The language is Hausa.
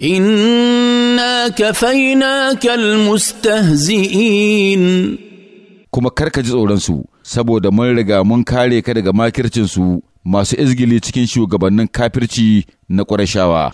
inna kafainaka almustahzi'in kuma karka ji tsoronsu saboda mun riga mun kare ka daga makircinsu masu izgili cikin shugabannin kafirci na ƙurashawa.